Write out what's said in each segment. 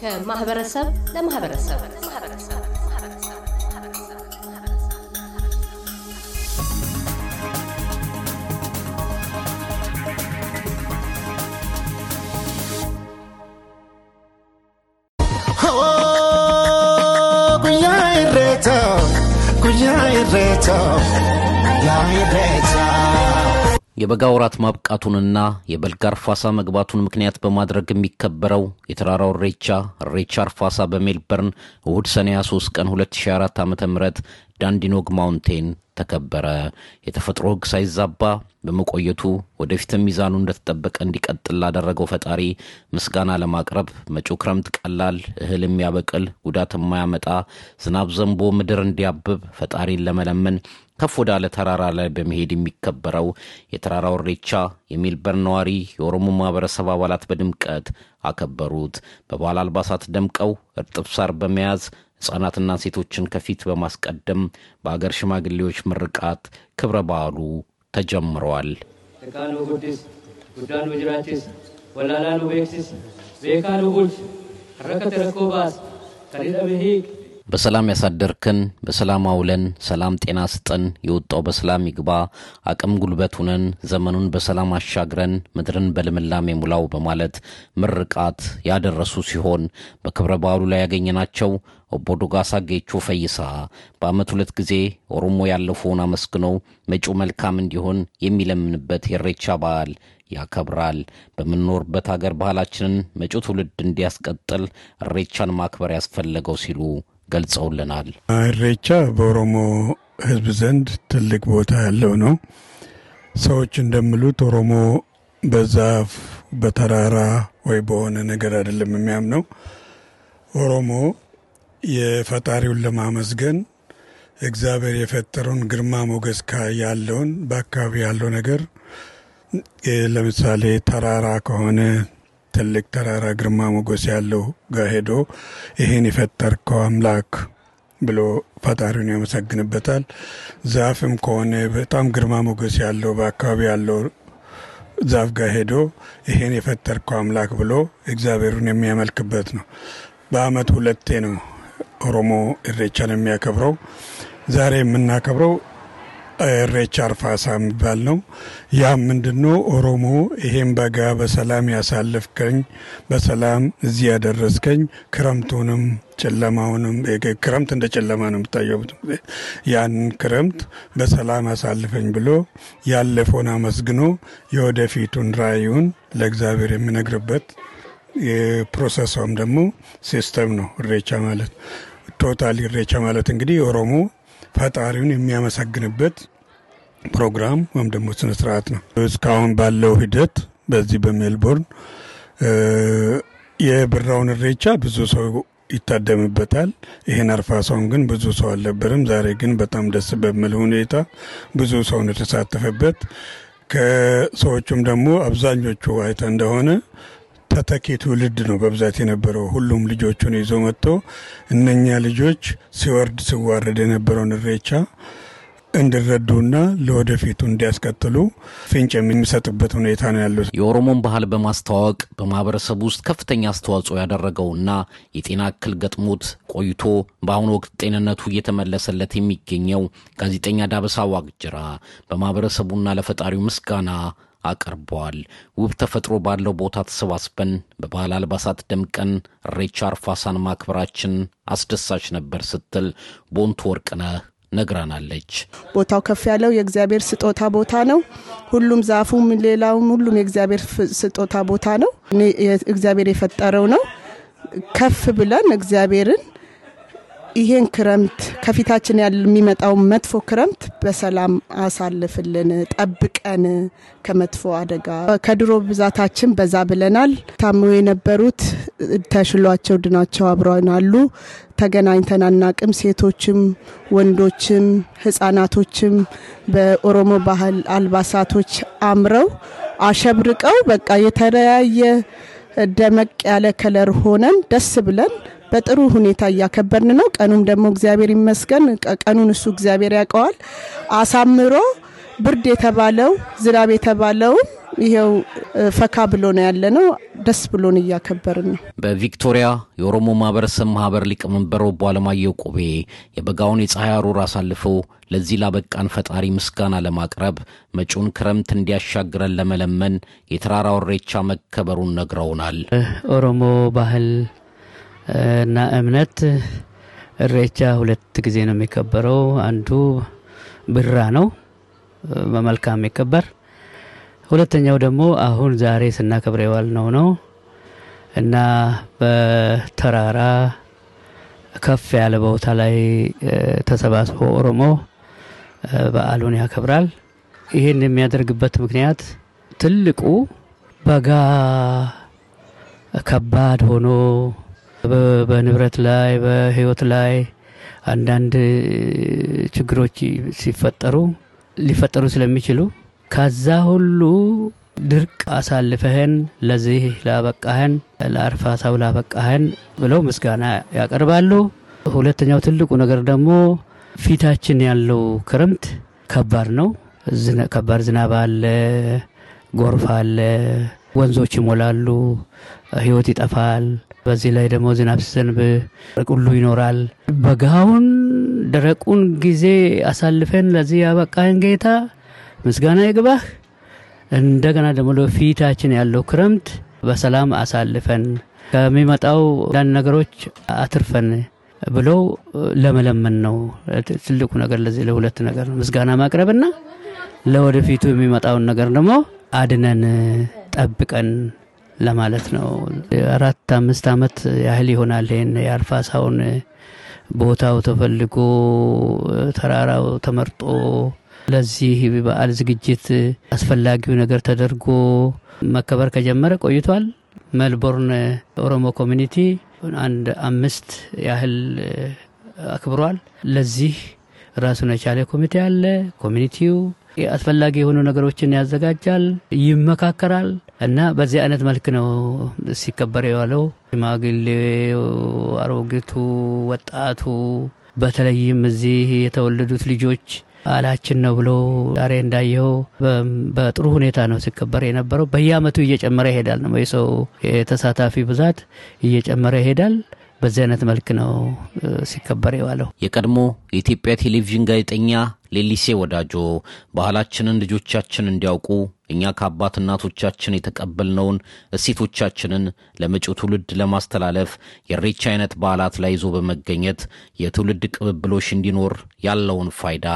ከማህበረሰብ ለማህበረሰብ የበጋ ወራት ማብቃቱንና የበልግ አርፋሳ መግባቱን ምክንያት በማድረግ የሚከበረው የተራራው ሬቻ ሬቻ አርፋሳ በሜልበርን እሁድ ሰኔ 23 ቀን 2004 ዓ.ም ዳንዲኖግ ማውንቴን ተከበረ። የተፈጥሮ ሕግ ሳይዛባ በመቆየቱ ወደፊት ሚዛኑ እንደተጠበቀ እንዲቀጥል ላደረገው ፈጣሪ ምስጋና ለማቅረብ መጪው ክረምት ቀላል፣ እህል የሚያበቅል፣ ጉዳት የማያመጣ፣ ዝናብ ዘንቦ ምድር እንዲያብብ ፈጣሪን ለመለመን ከፍ ወዳለ ተራራ ላይ በመሄድ የሚከበረው የተራራው ኢሬቻ የሜልበርን ነዋሪ የኦሮሞ ማህበረሰብ አባላት በድምቀት አከበሩት። በባህል አልባሳት ደምቀው እርጥብ ሳር በመያዝ ሕፃናትና ሴቶችን ከፊት በማስቀደም በአገር ሽማግሌዎች ምርቃት ክብረ በዓሉ ተጀምረዋል። በሰላም ያሳደርክን፣ በሰላም አውለን፣ ሰላም ጤና ስጠን፣ የወጣው በሰላም ይግባ፣ አቅም ጉልበት ሁነን፣ ዘመኑን በሰላም አሻግረን፣ ምድርን በልምላሜ ሙላው በማለት ምርቃት ያደረሱ ሲሆን በክብረ በዓሉ ላይ ያገኘናቸው ኦቦ ዶጋሳ ጌቾ ፈይሳ በአመት ሁለት ጊዜ ኦሮሞ ያለፈውን አመስግነው መጪው መልካም እንዲሆን የሚለምንበት የሬቻ በዓል ያከብራል። በምንኖርበት አገር ባህላችንን መጪው ትውልድ እንዲያስቀጥል እሬቻን ማክበር ያስፈለገው ሲሉ ገልጸውልናል። እሬቻ በኦሮሞ ሕዝብ ዘንድ ትልቅ ቦታ ያለው ነው። ሰዎች እንደሚሉት ኦሮሞ በዛፍ በተራራ ወይ በሆነ ነገር አይደለም የሚያምነው ኦሮሞ የፈጣሪውን ለማመስገን እግዚአብሔር የፈጠረውን ግርማ ሞገስ ያለውን በአካባቢ ያለው ነገር ለምሳሌ ተራራ ከሆነ ትልቅ ተራራ ግርማ ሞገስ ያለው ጋር ሄዶ ይህን የፈጠርከው አምላክ ብሎ ፈጣሪውን ያመሰግንበታል። ዛፍም ከሆነ በጣም ግርማ ሞገስ ያለው በአካባቢ ያለው ዛፍ ጋር ሄዶ ይሄን የፈጠርከው አምላክ ብሎ እግዚአብሔሩን የሚያመልክበት ነው። በአመት ሁለቴ ነው ኦሮሞ እሬቻን የሚያከብረው። ዛሬ የምናከብረው እሬቻ አርፋሳ የሚባል ነው። ያ ምንድነው? ኦሮሞ ይሄን በጋ በሰላም ያሳልፍከኝ፣ በሰላም እዚህ ያደረስከኝ፣ ክረምቱንም ጨለማውንም ክረምት እንደ ጨለማ ነው የምታየው። ያን ክረምት በሰላም አሳልፈኝ ብሎ ያለፈውን አመስግኖ የወደፊቱን ራዕዩን ለእግዚአብሔር የሚነግርበት የፕሮሰሷም ደግሞ ሲስተም ነው እሬቻ ማለት ቶታል ኢሬቻ ማለት እንግዲህ ኦሮሞ ፈጣሪውን የሚያመሰግንበት ፕሮግራም ወይም ደግሞ ስነስርዓት ነው። እስካሁን ባለው ሂደት በዚህ በሜልቦርን የብራውን እሬቻ ብዙ ሰው ይታደምበታል። ይህን ሰውን ግን ብዙ ሰው አልነበረም። ዛሬ ግን በጣም ደስ በሚል ሁኔታ ብዙ ሰው ነው የተሳተፈበት። ከሰዎቹም ደግሞ አብዛኞቹ አይተ እንደሆነ ተተኪ ትውልድ ነው በብዛት የነበረው። ሁሉም ልጆቹን ይዞ መጥቶ እነኛ ልጆች ሲወርድ ሲዋረድ የነበረውን እሬቻ እንዲረዱና ለወደፊቱ እንዲያስቀጥሉ ፍንጭ የሚሰጥበት ሁኔታ ነው ያሉት። የኦሮሞን ባህል በማስተዋወቅ በማህበረሰቡ ውስጥ ከፍተኛ አስተዋጽኦ ያደረገውና የጤና እክል ገጥሞት ቆይቶ በአሁኑ ወቅት ጤንነቱ እየተመለሰለት የሚገኘው ጋዜጠኛ ዳበሳ ዋቅጅራ በማህበረሰቡና ለፈጣሪው ምስጋና አቅርበዋል። ውብ ተፈጥሮ ባለው ቦታ ተሰባስበን በባህል አልባሳት ደምቀን ሬቻ አርፋሳን ማክበራችን አስደሳች ነበር ስትል ቦንቱ ወርቅነህ ነግራናለች። ቦታው ከፍ ያለው የእግዚአብሔር ስጦታ ቦታ ነው። ሁሉም ዛፉም፣ ሌላውም ሁሉም የእግዚአብሔር ስጦታ ቦታ ነው። እግዚአብሔር የፈጠረው ነው። ከፍ ብለን እግዚአብሔርን ይሄን ክረምት ከፊታችን የሚመጣውን መጥፎ ክረምት በሰላም አሳልፍልን፣ ጠብቀን ከመጥፎ አደጋ። ከድሮ ብዛታችን በዛ ብለናል። ታምሮ የነበሩት ተሽሏቸው ድናቸው አብረን አሉ። ተገናኝተን አናቅም። ሴቶችም፣ ወንዶችም፣ ህጻናቶችም በኦሮሞ ባህል አልባሳቶች አምረው አሸብርቀው በቃ የተለያየ ደመቅ ያለ ከለር ሆነን ደስ ብለን በጥሩ ሁኔታ እያከበርን ነው። ቀኑም ደግሞ እግዚአብሔር ይመስገን፣ ቀኑን እሱ እግዚአብሔር ያውቀዋል አሳምሮ ብርድ የተባለው ዝናብ የተባለው ይሄው ፈካ ብሎ ነው ያለ ነው። ደስ ብሎን እያከበርን ነው። በቪክቶሪያ የኦሮሞ ማህበረሰብ ማህበር ሊቀመንበር ወቦ አለማየሁ ቆቤ የበጋውን የፀሐይ አሩር አሳልፎ ለዚህ ላበቃን ፈጣሪ ምስጋና ለማቅረብ መጪውን ክረምት እንዲያሻግረን ለመለመን የተራራ ወሬቻ መከበሩን ነግረውናል። ኦሮሞ ባህል እና እምነት እሬቻ ሁለት ጊዜ ነው የሚከበረው። አንዱ ብራ ነው በመልካም የሚከበር ሁለተኛው ደግሞ አሁን ዛሬ ስናከብር የዋልነው ነው እና በተራራ ከፍ ያለ ቦታ ላይ ተሰባስቦ ኦሮሞ በዓሉን ያከብራል። ይህን የሚያደርግበት ምክንያት ትልቁ በጋ ከባድ ሆኖ በንብረት ላይ በህይወት ላይ አንዳንድ ችግሮች ሲፈጠሩ ሊፈጠሩ ስለሚችሉ ከዛ ሁሉ ድርቅ አሳልፈህን ለዚህ ላበቃህን ለአርፋታው ላበቃህን ብለው ምስጋና ያቀርባሉ። ሁለተኛው ትልቁ ነገር ደግሞ ፊታችን ያለው ክረምት ከባድ ነው። ከባድ ዝናብ አለ፣ ጎርፍ አለ፣ ወንዞች ይሞላሉ፣ ህይወት ይጠፋል። በዚህ ላይ ደግሞ ዝናብ ሲዘንብ ቁሉ ይኖራል። በጋውን ደረቁን ጊዜ አሳልፈን ለዚህ ያበቃህን ጌታ ምስጋና ይግባህ። እንደገና ደግሞ ለፊታችን ያለው ክረምት በሰላም አሳልፈን ከሚመጣው አንዳንድ ነገሮች አትርፈን ብለው ለመለመን ነው ትልቁ ነገር። ለዚህ ለሁለት ነገር ምስጋና ማቅረብና ለወደፊቱ የሚመጣውን ነገር ደግሞ አድነን ጠብቀን ለማለት ነው። አራት አምስት ዓመት ያህል ይሆናል ይህን የአልፋሳውን ቦታው ተፈልጎ ተራራው ተመርጦ ለዚህ በዓል ዝግጅት አስፈላጊው ነገር ተደርጎ መከበር ከጀመረ ቆይቷል። መልቦርን ኦሮሞ ኮሚኒቲ አንድ አምስት ያህል አክብሯል። ለዚህ ራሱን የቻለ ኮሚቴ አለ። ኮሚኒቲው አስፈላጊ የሆኑ ነገሮችን ያዘጋጃል፣ ይመካከራል እና በዚህ አይነት መልክ ነው ሲከበር የዋለው። ሽማግሌ፣ አሮጊቱ፣ ወጣቱ በተለይም እዚህ የተወለዱት ልጆች አላችን ነው ብሎ ዛሬ እንዳየው በጥሩ ሁኔታ ነው ሲከበር የነበረው። በየአመቱ እየጨመረ ይሄዳል ነው የሰው የተሳታፊ ብዛት እየጨመረ ይሄዳል። በዚህ አይነት መልክ ነው ሲከበር የዋለው። የቀድሞ የኢትዮጵያ ቴሌቪዥን ጋዜጠኛ ሌሊሴ ወዳጆ ባህላችንን ልጆቻችን እንዲያውቁ እኛ ከአባት እናቶቻችን የተቀበልነውን እሴቶቻችንን ለመጪው ትውልድ ለማስተላለፍ የሬቻ አይነት በዓላት ላይ ይዞ በመገኘት የትውልድ ቅብብሎሽ እንዲኖር ያለውን ፋይዳ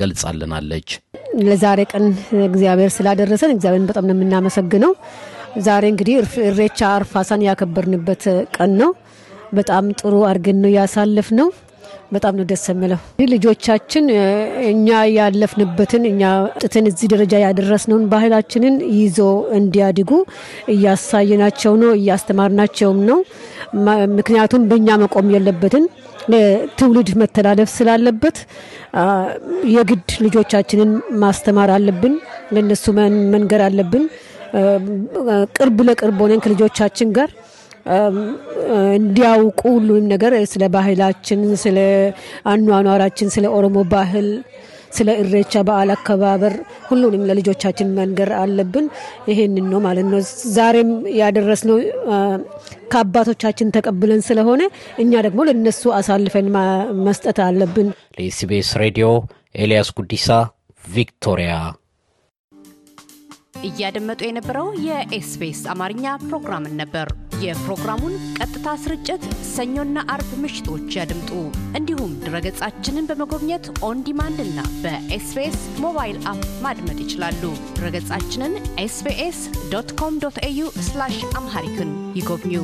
ገልጻልናለች። ለዛሬ ቀን እግዚአብሔር ስላደረሰን እግዚአብሔር በጣም ነው የምናመሰግነው። ዛሬ እንግዲህ እሬቻ አርፋሳን ያከበርንበት ቀን ነው። በጣም ጥሩ አድርገን ነው ያሳለፍ ነው። በጣም ነው ደስ የሚለው። ልጆቻችን እኛ ያለፍንበትን እኛ ጥትን እዚህ ደረጃ ያደረስነውን ባህላችንን ይዞ እንዲያድጉ እያሳየናቸው ነው፣ እያስተማርናቸውም ነው። ምክንያቱም በእኛ መቆም የለበትን ትውልድ መተላለፍ ስላለበት የግድ ልጆቻችንን ማስተማር አለብን፣ ለነሱ መንገር አለብን። ቅርብ ለቅርብ ሆነን ከልጆቻችን ጋር እንዲያውቁ ሁሉም ነገር ስለ ባህላችን፣ ስለ አኗኗራችን፣ ስለ ኦሮሞ ባህል ስለ እሬቻ በዓል አከባበር ሁሉንም ለልጆቻችን መንገር አለብን። ይሄንን ነው ማለት ነው ዛሬም ያደረስነው ከአባቶቻችን ተቀብለን ስለሆነ እኛ ደግሞ ለነሱ አሳልፈን መስጠት አለብን። ለኤስቢኤስ ሬዲዮ ኤልያስ ጉዲሳ ቪክቶሪያ። እያደመጡ የነበረው የኤስቢኤስ አማርኛ ፕሮግራምን ነበር። የፕሮግራሙን ቀጥታ ስርጭት ሰኞና አርብ ምሽቶች ያድምጡ። እንዲሁም ድረገጻችንን በመጎብኘት ኦንዲማንድ እና በኤስቤስ ሞባይል አፕ ማድመጥ ይችላሉ። ድረገጻችንን ኤስቤስ ዶት ኮም ዶት ኤዩ አምሃሪክን ይጎብኙ።